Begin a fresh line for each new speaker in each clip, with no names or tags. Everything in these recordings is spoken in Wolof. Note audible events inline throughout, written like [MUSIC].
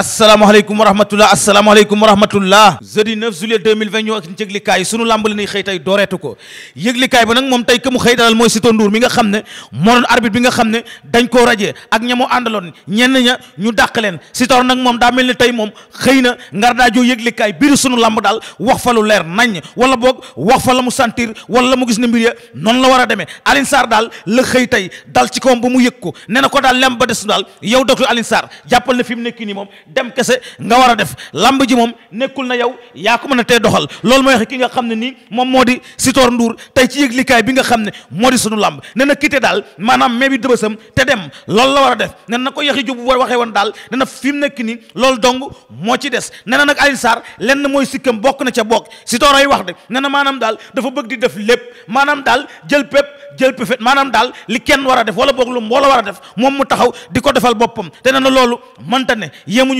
asalaamaaleykum wa rahmatullah asalaamaaleykum wa rahmatullah jeudi 9 juillet 2020 ñoo ak ñu yëglikaay yi sunu làmb la ñuy xëy tey dooreetu ko yëglikaay ba nag moom tey ka mu xëy dalal mooy Sitor Ndour mi nga xam ne moo doon arbitre bi nga xam ne dañ koo rajee ak ña mu àndaloon ñenn ña ñu dàq leen Sitor nag moom daa mel ni tey moom xëy na ngar daajoo yëglikaay biir sunu làmb daal wax fa lu leer nañ wala boog wax fa la mu sentir wala la mu gis ne mbir ya noonu la war a demee Alioune Sarr daal la xëy tey dal ci kawam ba mu yëg ko nee na ko daal lem ba des daal yow docteur Alioune Sarr jàppal fi mu nekk nii moom dem kese nga war a def lamb ji moom nekkul na yow yaa ko mën a tee doxal loolu mooy wax ki nga xam ne nii moom moo di Sitor Ndour tey ci yëglikaay bi nga xam ne moo di sunu làmb ne na quitté daal maanaam mai bi dëbësam te dem lool la war a def ne na ko yaxi jubu war waxee woon daal ne na fi mu nekk nii loolu dong moo ci des ne na nag Alioune lenn mooy sikkam bokk na ca bokk Sitor ay wax de ne na maanaam daal dafa bëgg di def lépp maanaam daal jël pépp jël péfét maanaam daal li kenn war a def wala boog lu mbooloo war a def moom mu taxaw di ko defal boppam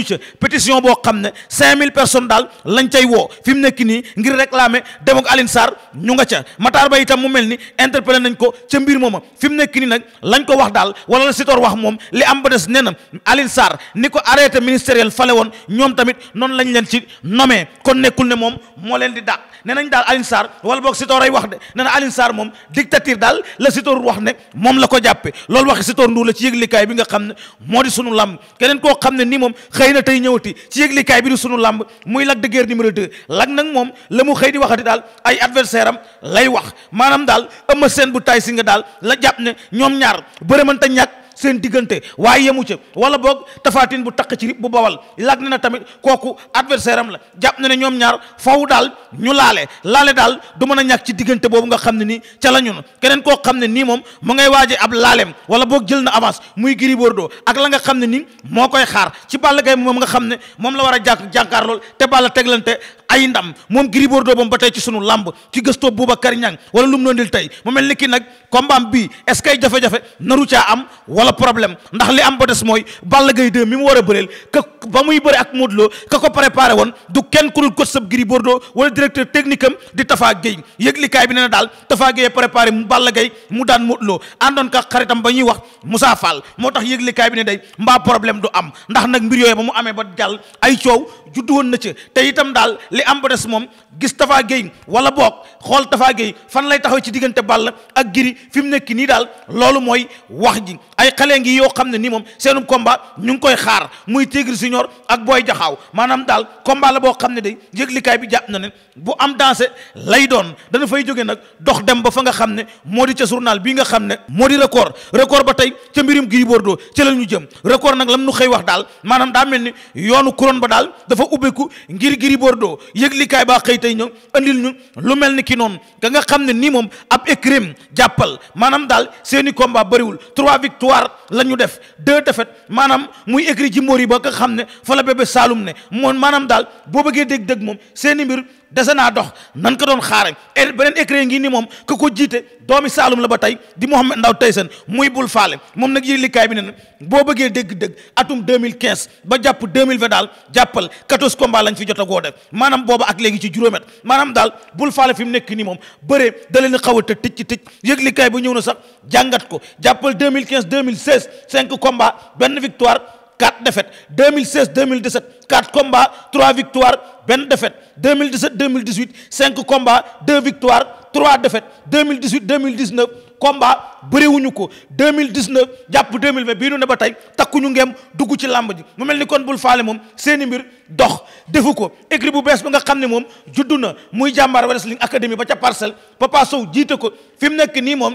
yemuñu ca pétition boo xam ne 5000 personnes daal lañ cay woo fi mu nekk nii ngir réclamer dem ak Alioune ñu nga ca Matar Ba itam mu mel ni interpellé nañ ko ca mbir mooma fi mu nekk nii nag lañ ko wax daal wala la Sitor wax moom li am ba des nee na Alioune Sarr ni ko arrêté ministériel fale woon ñoom tamit noonu lañ leen ci nommé kon nekkul ne moom moo leen di dàq nee daal Alioune Sarr wala boog Sitor wax de nee na Alioune Sarr moom dictature daal la Sitor wax ne bi nga xam xëy na tey ñëwati ci yëglikaay bi di sunu làmb muy Lac de Guiers numéro 2 Lac nag moom la mu xëy di waxati daal ay adversaire am lay wax maanaam daal Eumeu seen bu si nga daal la jàpp ne ñoom ñaar bëre mënta ñàkk seen diggante waaye yemu ca wala boog tafaatin bu taq ci rib bu bawal laaj na tamit kooku adversaire am la jàpp na ne ñoom ñaar faw daal ñu laale laale daal du ma a ñàkk ci diggante boobu nga xam ne nii ca la ñun keneen koo xam ne nii moom mu ngay waaje ab laaleem wala boog jël na avance muy Gris doo ak la nga xam ne nii moo koy xaar ci Balla Gaye moom nga xam ne moom la war a jànk jànkaar lool te Balla teglante ay ndam moom Gris Bordeaux bam ba tey ci sunu lamb ci gëstoo Boubacar Niang wala lu mu noondil tey mu mel ni ki nag combat bi est ce que ay jafe-jafe naru caa am wala problème ndax li am ba des mooy Balla gay 2 mi mu war a bëreel ka ba muy bëre ak Modou Lo ka ko préparé woon du kenn kurul dul coach sab Gris Bordeaux wala directeur technique am di Tafa Gueye yëglikaay bi nee na daal Tafa Gueye préparé mu Balla Gaye mu daan Modou loo àndoon ka xaritam ba ñuy wax Moussa Fall moo tax yëglikaay bi ne day mbaa problème du am ndax nag mbir ba mu amee ba jàll ay coow juddu woon na ca tey itam daal li am ba des moom gis Tafa Gueye wala boog xool dafa Gueye fan lay taxaw ci diggante Balla ak Giri fi mu nekk nii daal loolu mooy wax ji ay xale ngi yoo xam ne nii moom seenu combat ñu ngi koy xaar muy Tigre Junior ak booy jaxaw maanaam daal combat la boo xam ne day yëglikaay bi jàpp na ne bu am dansé lay doon dana fay jóge nag dox dem ba fa nga xam ne moo di ca journal bii nga xam ne moo di record record ba tey ca mbirum Gris Bordeaux ca la ñu jëm record nag lam nu xëy wax daal maanaam daa mel ni yoonu couronne ba daal dafa ubbeku ngir Gris Bordeaux yëglikaay baa xëy tey ñëw andil ñu lu mel ni ki noon ka nga xam ne nii moom ab écrim jàppal maanaam daal seeni combat bëriwul trois victoire la ñu def deux défaites maanaam muy écrit ji mbóor yi ba nga xam ne fa la bébé Saloum ne moon maanaam daal boo bëggee dégg-dëgg moom seeni mbir dese naa dox nan ko doon xaare er, beneen écrit ngi ni moom ku ko jiite doomi saalum la ba tey di Mouhamed Ndaw tey Tyson muy bul faale moom nag yëglikaay bi ne na boo bëggee dégg-dégg atum 2015 ba jàpp 2020 daal jàppal 14 combats lañ fi jot a goo def maanaam booba ak léegi ci juróomet maanaam daal bul faale fi mu nekk nii moom bëree da leen xaw a tëj tëj ci tëj yëglikaay bi ñëw na sax jàngat ko jàppal 2015 2016 5 combats benn victoire 4 défaites 2016 2017 4 combats 3 victoires benn défaite 2017 2018 5 combats 2 victoires 3 défaites 2018 2019 combats ko jàpp 2020 bii ne ba tey takkuñu ngeem dugg ci làmb ji mu mel ni kon bul faale moom seeni mbir dox defu ko écrit bu bees ba nga xam ne moom juddu na muy jàmbaar Wrestling Academy ba ca parcelle Papa Sow jiite ko fi nekk nii moom.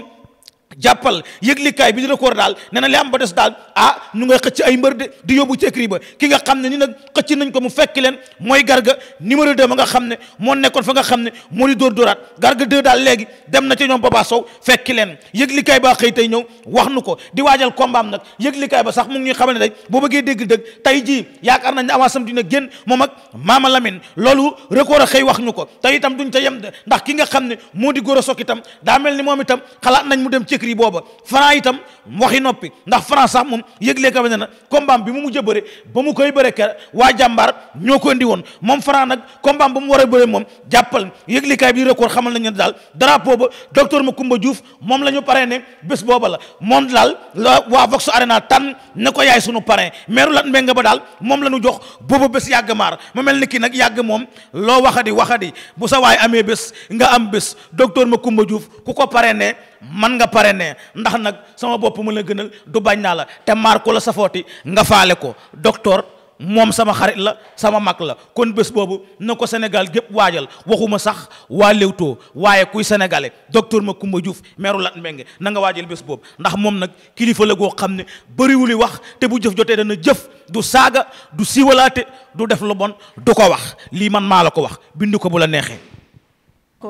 jàppal yëglikaay bi di record daal nee na li am ba des daal ah ñu nga xëcc ay mbër de di yóbbu ci ba ki nga xam ne ni nag xëcc nañ ko mu fekk leen mooy garga numéro 2 ma nga xam ne moo nekkoon fa nga xam ne moo di dóor dóoraat garga 2 daal dem na ca ñoom Papa Sow fekki leen yëglikaay ba xëy tey ñëw wax nu ko di waajal kombaam nag yëglikaay ba sax mu ngi ñuy xamal ne day boo bëggee dégg-dëgg tey jii yaakaar nañ ne avance am dina génn moom ak Maama Lamine loolu record a xëy wax ñu ko tey itam duñ ca yem de ndax ki nga xam ne moo di góor a sok itam daa mel ni moom itam xalaat nañ mu dem ci écrit booba Franc itam waxi noppi ndax Franc sax moom yëgle ka ne na combat bi mu mujj a ba mu koy bëre ka waa jàmbaar ñoo ko indi woon moom Franc nag combat ba mu war a bëre moom jàppal yëglekaay bi record xamal nañu ne daal drapeau ba docteur Macoumba Diouf moom la ñu paree ne bés booba la moom daal la waa Vox Arena tànn ne ko yaay sunu parrain meeru lat mbénga ba daal moom la ñu jox booba bés yàgg maar mu mel ni kii nag yàgg moom loo waxadi waxadi bu sa waay amee bés nga am bés docteur Macoumba Diouf ku ko paree ne man nga pare ne ndax nag sama bopp ma la gënal du bañ naa la te maar ku la safooti nga faale ko docteur moom sama xarit la sama mag la kon bés boobu na ko Sénégal gépp waajal waxuma sax waa Leewtoo waaye kuy sénégalais docteur ma Diouf meeru Lat Mbengue na nga waajal bés boobu ndax moom nag kilifa la goo xam ne bëriwuli wax te bu jëf jotee dana jëf du saaga du siiwalaate du def lu bon du ko wax lii man maa la ko wax bind ko bu la neexee.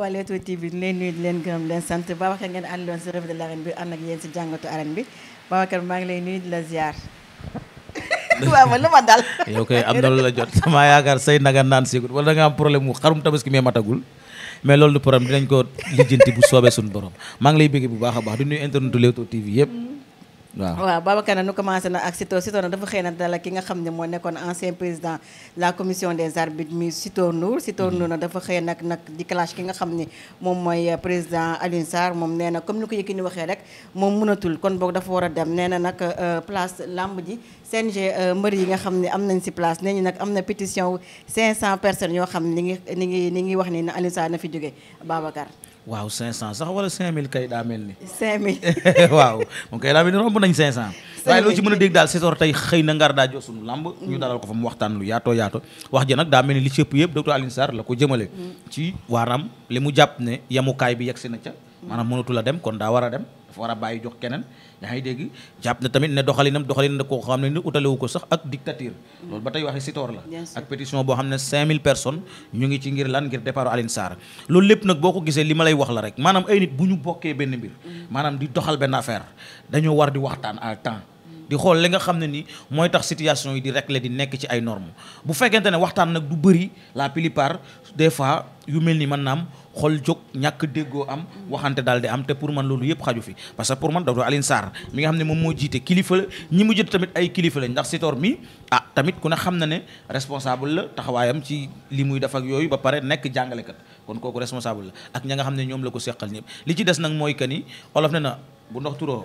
waa Leewtoo TV ñu leen nuyu leen gërëm leen sant Babacar ngeen àndoon si revue la l'arène bi ànd ak yéen si jàngatu arène bi Babacar maa ngi lay nuyu di la ziar. [LAUGHS] waaw man lu ma dal. yow
kay am na lu la jot sama yaakaar say naga naan sigut wala da am problème mu xarum tabaski mee matagul mais loolu du problème dinañ ko lijjanti bu soobee suñu borom maa ngi lay bëgg bu baax a baax di nuyu internetu Leewtoo TV yëpp. Mm-hmm. waaw
waaw Babacar nu commencé na ak Sitor Sitor na dafa xëy na dala ki nga xam ne moo nekkoon ancien président la commission des arbitres muy Sitor Ndour Sitor mhm. Ndour na dafa xëy nag nag di clash ki nga xam ni moom mooy euh, président Alioune Sarr moom nee na comme ni ko ki Yékini waxee rek moom mënatul kon boog dafa war a dem nee na nag euh, place lamb ji g euh, mbër yi nga xam ni am nañ si place nee ñu nag am na pétition 500 personnes yoo xam ne ni ngi ni ngi ni ngi wax ni na Alioune na fi jóge Babacar
waaw 500 sax wala 5000 kay daa mel ni. 5000. [LAUGHS] waaw moom kay daa ni romb nañ 500. 5000 waaye loo ci mën a dégg daal Sitor tey xëy na ngar daa jox sunu lamb. ñu dalal ko fa mu waxtaan lu yaatoo yaato wax ji nag daa mel ni li ci ëpp yëpp docteur Alioune Sarr la ko jëmale. Mm. ci waaram li mu jàpp ne yamukaay bi yegsi na ca. maanaam mënatula la dem kon daa war a dem dafa war a bàyyi jox keneen yaa ngi dégg jàpp na tamit ne doxalinam doxalin koo xam ne ni utalewu ko sax ak dictature loolu ba tey waxi sitoor la ak pétition boo xam ne 5000 personnes ñu ngi ci ngir lan ngir départ Alioune Sarr loolu lépp nag boo ko gisee li ma lay wax la rek maanaam ay nit bu ñu bokkee benn mbir mm. maanaam di doxal benn affaire dañoo war di waxtaan à temps mm. di xool li nga xam ne ni mooy tax situation yi di régler di nekk ci ay normes bu fekkente ne waxtaan nag du bëri la plupart des fois yu mel ni mën naam xol jóg ñàkk déggoo am waxante daal di am te pour man loolu yëpp xaju fi parce que pour man Dawdo alin Sarr mi nga xam ne moom moo jiite kilifa la ñi mu jot tamit ay kilifa lañ ndax Sitor mi ah tamit ku ne xam na ne responsable la taxawaayam ci li muy def ak yooyu ba pare nekk jàngalekat kon kooku responsable la ak ña nga xam ne ñoom la ko seqal ñëpp li ci des nag mooy que ni olof ne na bu ndox turoo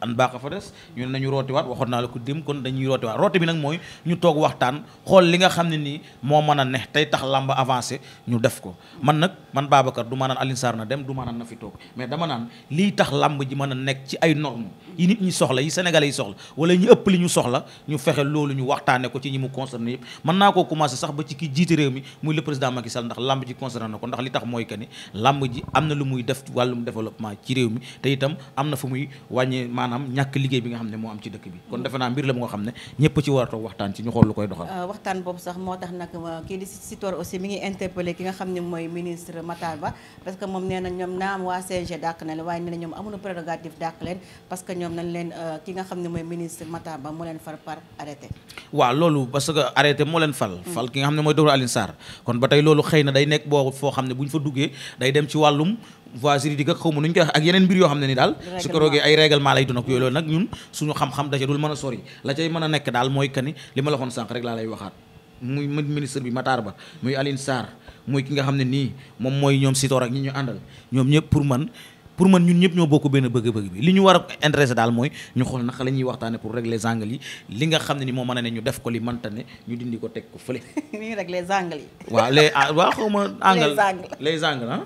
an baax a fa des ñu ne nañu rootiwaat waxoon naa la ko dem kon dañuy rootiwaat rooti bi nag mooy ñu toog waxtaan xool li nga xam ne nii moo mën a ne tey tax làmb avancé ñu def ko man nag man Babacar du ma naan Alioune na dem du ma naan na fi toog mais dama naan lii tax làmb ji mën a nekk ci ay normes yi nit ñi soxla yi sénégalais yi soxla wala ñi ëpp li ñu soxla ñu fexe loolu ñu waxtaane ko ci ñi mu concerné yëpp mën naa ko commencé sax ba ci ki jiite réew mi muy le président Macky Sall ndax làmb ji na ko ndax mooy que ni làmb ji am na lu muy def wàllum développement ci réew mi te itam am na fu muy maanaam ñàkk liggéey bi nga xam ne moo am ci dëkk bi kon defe naa mbir la mu nga xam ne ñëpp ci war a toog waxtaan ci ñu xool lu koy doxal euh,
waxtaan boobu sax moo tax nag ki nga xam ne mooy ministre Matar Ba moo leen far par arrêté
waaw loolu parce que arrêté moo leen fal mm. fal ki nga xam ne mooy docteur Alioune kon ba tey loolu xëy na day nekk boo foo xam ne bu fa duggee day dem ci wàllum voie juridique ak xaw ma nu ñu koy ak yeneen mbir yoo xam ne ni daal su ko roogee ay règlement lay dun ak yooyu loolu nag ñun suñu xam-xam daca mën a sori la cay mën a nekk daal mooy kani li ma la waxoon sànq rek laa lay waxaat muy ministre bi Matar Ba muy Aline Sarr muy ki nga xam ne nii moom mooy ñoom Sitor ak ñi ñu àndal ñoom ñëpp pour man pour man ñun ñëpp ñoo bokk benn bëgg-bëgg bi li ñu war a intéressé daal mooy ñu xool na la ñuy waxtaane pour régler zangal yi li nga xam ne ni moo mën a ne ñu def ko li mënta ne ñu dindi ko teg ko fële
[LAUGHS] ñu régler zangal yi
waaw les ah, waaw xaw ma angal [LAUGHS] les zangal ah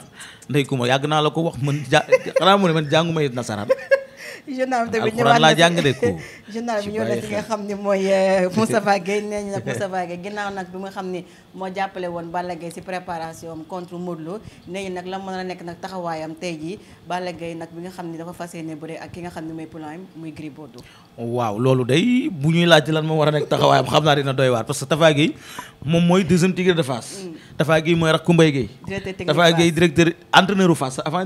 ndey ku ma yàgg naa la ko wax man ja xanaa mu ne man jànguma nasaraan [LAUGHS]
[LAUGHS] journal bi tamit ñëwaat laa ko [LAUGHS] journal bi ñëw na ci euh, [LAUGHS] nga xam ni mooy Moustapha Gueye nee nee ñu nag la mën a nekk nag taxawaayam tey jii Balla Gaye nag bi nga xam ni dafa fas yéene bëre ak ki nga xam ne mooy plan muy Gris Bordeaux
waaw loolu day bu ñuy laaj lan moo war a nekk taxawaayam xam naa dina doy waar parce que Tafa Gueye moom mooy deuxième tigre de Fass mm. Tafa mooy rakku Mbaye
Gueye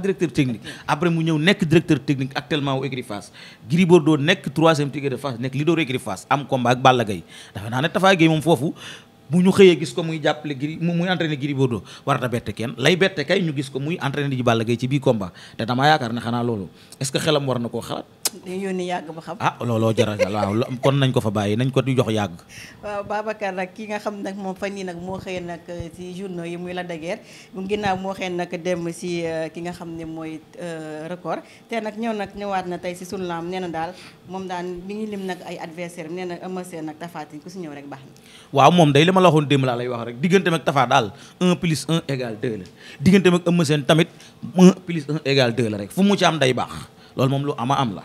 directeur technique après mu ñëw nekk directeur technique actuellement écurie Gris Bordeaux nekk troisième tigre de Fass nekk leader écurie Fass am combat ak Balla Gaye dafa naa ne Tapha foofu bu ñu xëyee gis ko muy jàppale Gris muy entraîné Gris Bordeaux warata bette kenn lay bette kay ñu gis ko muy entraîné di Balla Gaye ci biir combat te damaa yaakaar ne xanaa loolu est-ce que xelam war na koo xalaat
day yónni yàgg ba xam. ah
looloo jaral waaw kon nañ ko fa bàyyi nañ ko jox yàgg.
waaw Babacar nag ki nga xam nag moom fan yii nag moo xëy nag si euh, journaux yi la daguère bu ginnaaw moo xëy nag dem si euh, ki nga xam ne mooy euh, record te nag ñëw nag ñëwaat na tey si sunu laam nee na daal moom daan mi ngi lim nag ay adversaire nee na Eumeu Sène nag Tapha Tine ku si ñëw rek baax na.
waaw moom day li ma la waxoon démb laa lay wax rek digganteem ak tafaa daal 1 plus 1 égale 2 la digganteem ak Eumeu Sène tamit 1 plus 1 égale 2 la rek fu mu ci am day baax. loolu moom lu ama am la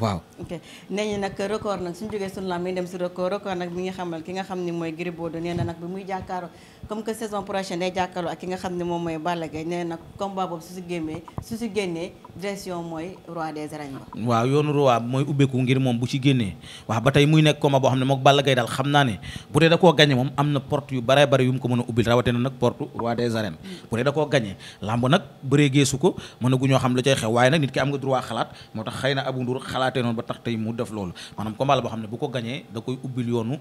waaw ok nee ñi nag record nag suñu jógee suñu lam mi dem si record record nag mi ngi xamal ki nga xam ni mooy Gris Bordeaux nee nag bi muy jàkkaaroo comme que saison prochaine day jàkkaaroo ak ki nga xam ne moom mooy Balla Gaye nee na nag combat boobu su si génnee génnee direction mooy roi des arènes
ba yoonu roi mooy ubbeeku ngir moom bu ci génnee waaw ba tey muy nekk combat boo xam ne mook Balla Gaye daal xam naa ne bu dee da koo gagné moom am na porte yu bare bare yu mu ko mën a ubbil rawate mm. xam la cay xew waaye na Abou Ndour xalaatee noonu ba tax tey mu def loolu maanaam combat la boo xam ne bu ko gañee da koy ubbil yoonu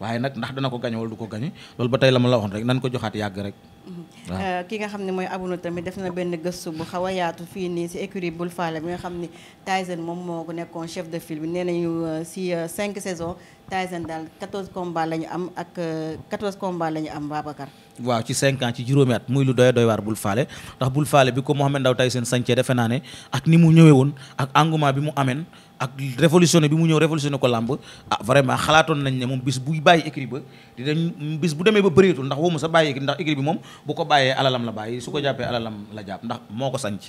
waaye nag ndax dana ko gañe wala du ko gañe loolu ba tey la ma la waxoon rek nan ko joxaat yàgg rek Mm-hmm. Ah.
Uh, ki nga xam ne mooy abunu tamit def na benn gëstu bu xaw a yaatu fii nii si écurie Bul Faale bi nga xam ni Tyson moom moo ko nekkoon chef de file bi nee nañu si uh, 5 uh, saisons Tyson daal 14 combats lañu am ak 14 combats lañu am Babacar.
waaw ci 5 ans ci juróomi at muy lu doy doy waar Bul Faale ndax Bul Faale bi ko Mohamed Ndao Tyson sancee defe naa ne ak ni mu ñëwee woon ak engouement bi mu ameen ak révolutionné bi mu ñëw révolutionné ko làmb ah vraiment xalaatoon nañ ne moom bis buy bàyyi écrit ba dinañ bis bu demee ba bëreetul ndax womu sa bàyyi écrit ndax écrit bi moom bu ko bàyyee alalam la bàyyi su ko jàppee alalam la jàpp ndax moo ko sanc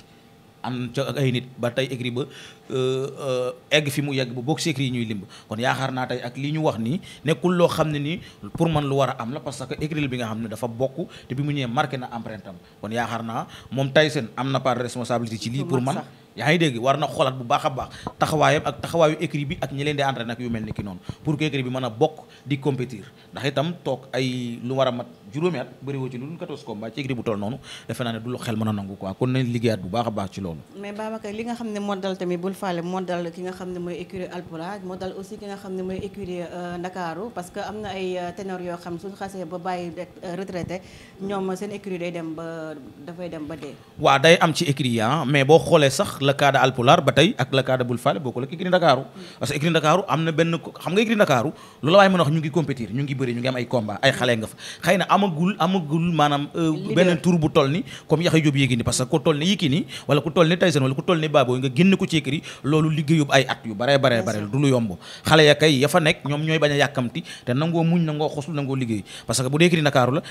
am ca ay nit ba tey écrit ba euh, euh, egg fi mu yegg ba bokk si écrit yi ñuy limb kon yaakaar naa tey ak li ñu wax nii nekkul loo xam ne nii pour man lu war am la parce que écrit bi nga xam ne dafa bokk bi mu ñëwee marqué na empreinte am kon yaakaar naa moom Tyson am na part responsabilité ci lii pour man yaa ngi dégg war na xoolaat bu baax a baax taxawaayam ak taxawaayu écrit bi ak ñi leen di entraîné ak yu mel ni ki noonu pour que écrit bi mën a bokk di compétir ndax itam toog ay lu war a mat juróomi at bëri woo ci lu dul 14 combats ci écrit bu toll noonu defe naa ne du lu xel mën a nangu quoi kon nañ liggéeyaat bu baax a baax ci loolu
mais Babacar li nga xam ne moo dal tamit bul ne mooy écurie Alpouraj moo dal aussi ki nga xam ne mooy écurie euh, Ndakaaru parce que am na ay euh, ténor yoo xam suñu xasee ba bàyyi euh, retraité ñoom seen écurie day dem ba dafay dem ba dee
waaw day am ci écrit ah, mais boo xoolee sax la kaada alpulaar ba tey ak la kaada bul faale bokkul ak écurie Ndakaaru parce que écurie Ndakaaru la waaye euh, ko ci écurie loolu Ndakaaru la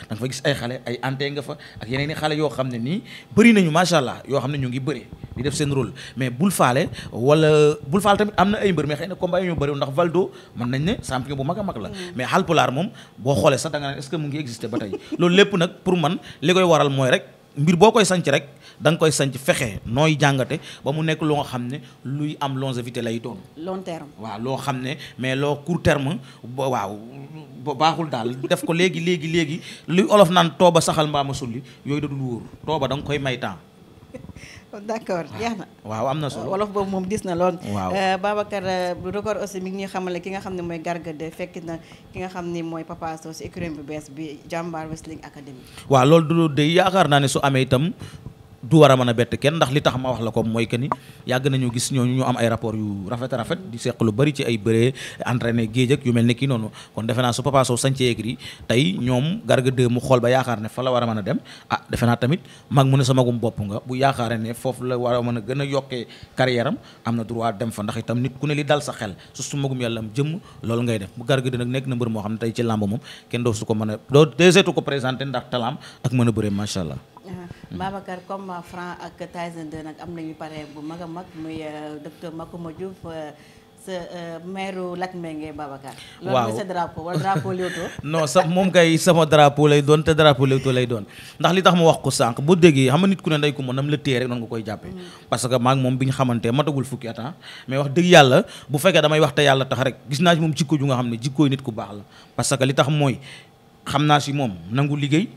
da fa gis ay xale ay ante fa ak yeneen xale yoo xam ne nii bëri nañu masha Allah yoo xam ne ñu ngi bëri di def seen rôle mais bul faale wala bul faale tamit am na ay mbër mais xëy na combat yi ñu bëriwul ndax mën nañ ne champion bu mag a mag la mm. mais Halpulaar moom boo xoolee sax da nga naan est-ce que mu ba loolu lépp nag pour man li koy waral mooy rek mbir boo koy sanc rek da koy sanc fexe nooy jàngate ba mu nekk loo nga xam ne luy am longévité lay doon. long terme waaw loo xam ne mais loo court terme waaw baaxul daal def ko léegi léegi léegi luy olof naan tooba saxal mbaama sulli yooyu da dul wóor tooba da koy may temps
d'accord ah, jeex na.
waaw am na solo
wolof boobu moom gis na loon waaw euh, Babacar euh, record aussi mi ngi ñuy xamale ki nga xam ne mooy Garga de fekk na ki nga xam ne mooy Papa Sow si écurie bu bees bi Jàmbaar Wrestling Academy.
waa loolu du de yaakaar naa ne su amee itam du war a mën a bett kenn ndax li tax ma wax la ko mooy que ni yàgg nañu gis ñooñu ñu am ay rapport yu rafet rafet di seq lu bari ci ay bëre entraîné géej ak yu mel ni kii noonu kon defe naa su Papa Sow sañcee écrit tey ñoom Garga 2 mu xool ba yaakaar ne fa la war a mën a dem ah defe naa tamit mag mu ne sa magum bopp nga bu yaakaare ne foofu la war a mën a gën a yokkee carrière am am na droit dem fa ndax itam nit ku ne li dal sa xel su su magum yàlla am jëmm loolu ngay def bu Garga 2 nag nekk na mbër moo xam ne tey ci làmb moom kenn ko mën a doo ko présenté ndax talaam ak mën a macha allah
Mm-hmm. Babacar comme euh, Franc ak Tyson 2 nag am nañu pare bu mag a mag muy euh, docteur Macoumba Diouf euh, sa maire Lac Mbengue Babacar. waaw loolu sa drapeau wala drapeau Leewtoo.
[LAUGHS] non sa moom kay sama drapeau lay doon te drapeau Leewtoo lay doon ndax li tax ma wax ko sànq bu déggee xam nga nit ko moom nam la téye rek noonu nga koy jàppee. Mm. parce que maag moom bi ñu xamante matagul fukki at ah. mais wax dëgg yàlla bu fekkee damay wax te yàlla tax rek gis naa ci moom jikko ju nga xam ne jikkooy nit ku baax la parce que li tax mooy xam naa si moom nangu liggéey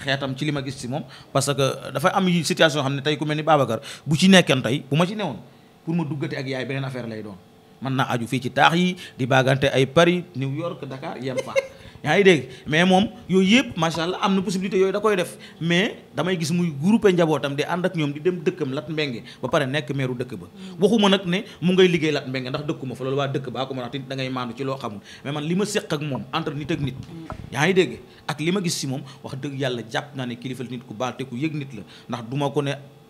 xeetam ci li ma gis ci moom parce que dafa am situation xam ne tey ku mel ni Babacar bu ci nekkan tey bu ma ci newoon pour ma duggati ak yaay beneen affaire lay doon mën naa aju fii ci taax yi di baagante ay Paris New York Dakar yem fa yaa ngi dégg mais moom yooyu yëpp macha allah am na possibilité yooyu da koy def mais damay gis muy groupé njabootam di ànd ak ñoom di dem dëkkam lat mbenge ba pare nekk meeru dëkk ba waxuma nag ne mu ngay liggéey lat mbenge ndax dëkkuma fa loolu waa dëkk baa ko ma wax te da maandu ci loo xamul mais man li ma séq ak moom entre nit ak nit yaa ngi dégg ak li ma gis si moom wax dëgg yàlla jàpp naa ne kilifa nit ku baal te ku yëg nit la ndax duma ko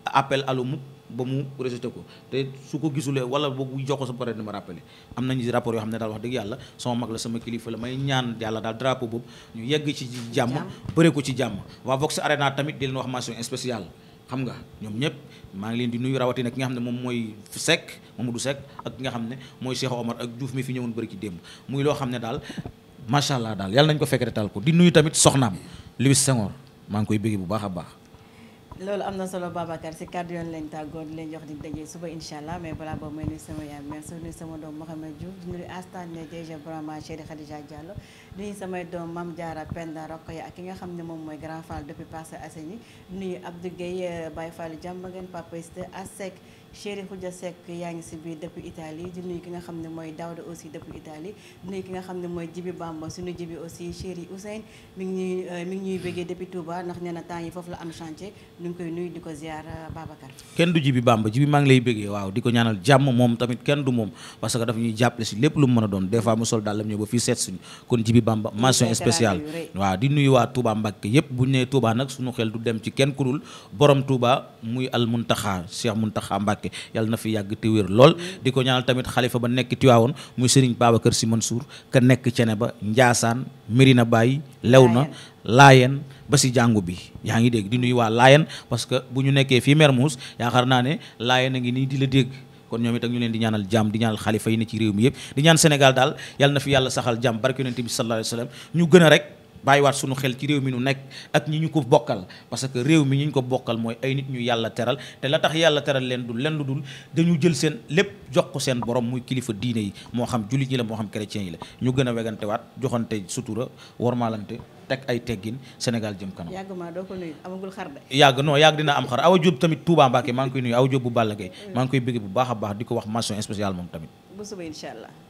appel alum ba mu rejeté ko te su ko gisulee wala boobu jox ko sa pare dama rappelé am nañu rapport yoo xam ne daal wax dëgg yàlla sama mag la sama kilifa la may ñaan yàlla daal drapeau boobu ñu yegg ci jàmm bëre ko ci jàmm waa Vox naa tamit di leen wax mention spéciale xam nga ñoom ñëpp maa ngi leen di nuyu rawatina ki nga xam ne moom mooy Seck Mamadou Seck ak ki nga xam ne mooy Cheikh Omar ak Diouf mi fi ñëwoon bëri ci démb muy loo xam ne daal macha allah daal yàlla nañ ko fekk taal ko di nuyu tamit soxnaam Louis Senghor maa ngi koy bëgg bu baax a baax
loolu am na solo Babacar si kàddu yoon lañ tàggoo di leen jox di daje suba incha allah mais balaa boobu may nuyu sama yaay merci nuyu sama doom Mouhamed Diouf di nuyu Astane ne DG Brahma Chéri Khadija Diallo di nuyu samay doom Mame Diarra Penda Rokhaya ak ki nga xam ne moom mooy Grand Fall depuis Parcelles Assainies nuyu Abdou Gueye Baye Fall Diamaguène Papa Iste Asek Chéri Khoudia Seck yaa ngi si biir depuis Italie di nuyu ki nga xam ne mooy Daouda aussi depuis Italie di nuyu ki nga xam ne mooy Jibi Bamba suñu Jibi aussi Chéri Ousseyn euh, mi ngi ñuy bëggee depuis Touba ndax nee na temps yi foofu la am chantier ñu ngi koy nuyu di ko ziar Babacar
kenn du Jibi Bamba Jibi maa ngi lay bëggee waaw di ko ñaanal jàmm moom tamit kenn du moom parce que dafa ñuy jàppale si lépp lu mu mën a doon des fois mu sol daal lam ñëw ba fii seet suñu kon Jibi Bamba mention spéciale waaw di nuyu waa Touba Mbacké yépp bu ñu nee Touba nag suñu xel du dem ci kenn kurul borom Touba muy al Muntaxa Cheikh Muntaxa Mbacké Mbacke yàlla na fi yàgg te wér lool di ko ñaanal tamit xalifa ba nekk Tiwaawoon muy Serigne Babacar Sy Mansour ka nekk cene ba Njaasaan Medina Baye lew na laayeen ba si jàngu bi yaa ngi dégg di nuy waa laayeen parce que bu ñu nekkee fii Mermoz yaakaar naa ne laayeen a ngi nii di la dégg kon ñoom itam ñu leen di ñaanal jàmm di ñaanal xalifa yi ne ci réew mi yëpp di ñaan Sénégal daal yàlla na fi yàlla saxal jàmm barke yonent bi sallallahu alayhi wa ñu bàyyiwaat sunu xel ci réew mi nu nekk ak ñi ñu ko bokkal parce que réew mi ñu ñu ko bokkal mooy ay nit ñu yàlla teral te la tax yàlla teral leen dul leen lu dul dañu jël seen lépp jox ko seen borom muy kilifa diine yi moo xam jullit yi la moo xam chrétien yi la ñu gën a wegante waat joxante sutura wormaalante teg ay teggin Sénégal jëm kanam.
yàgg maa doo ko nuyu
yàgg non yàgg dina am xar Awa Diop tamit Touba Mbacké maa ngi koy nuyu Awa Diop bu Balla Gaye mm. maa ngi koy bëgg bu baax a baax di ko wax mention spéciale moom
tamit.